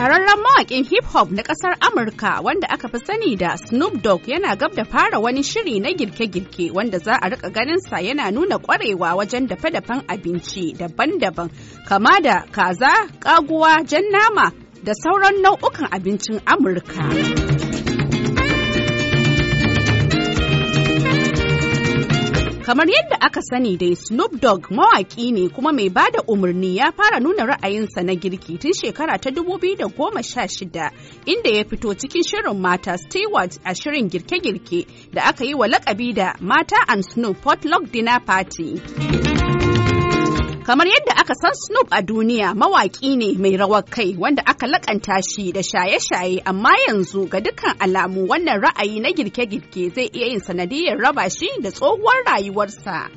shahararren mawaƙin hip hop na ƙasar Amurka wanda aka fi sani da Snoop Dogg yana gab da fara wani shiri na girke-girke wanda za a rika ganinsa yana nuna kwarewa wajen dafe-dafen abinci daban-daban kama da kaza, kaguwa, jan nama da sauran nau'ukan abincin Amurka. Kamar yadda aka sani dai Snoop Dogg mawaki ne kuma mai ba da umarni ya fara nuna ra'ayinsa na girki tun shekara ta 2016 inda ya fito cikin shirin mata Stewart a shirin girke-girke da aka yi wa lakabi da Mata and Snoop Potluck Dinner Party. Kamar yadda aka san Snoop a duniya mawaki ne mai rawar kai wanda aka lakanta shi da shaye-shaye amma yanzu ga dukkan alamu wannan ra'ayi na girke-girke zai iya yin sanadiyar raba shi da tsohuwar rayuwarsa.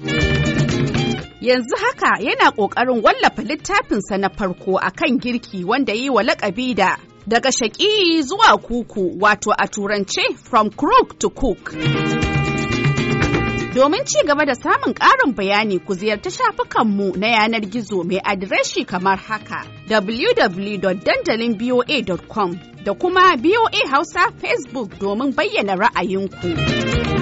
yanzu haka yana ƙoƙarin wallafa littafinsa na farko a kan girki wanda yi wa lakabi da daga shaƙi zuwa kuku wato a turance from crook to cook. Domin ci gaba da samun ƙarin bayani ku ziyarci shafukanmu na yanar gizo mai adireshi kamar haka www.dandalinboa.com da kuma BOA Hausa Facebook domin bayyana ra'ayinku.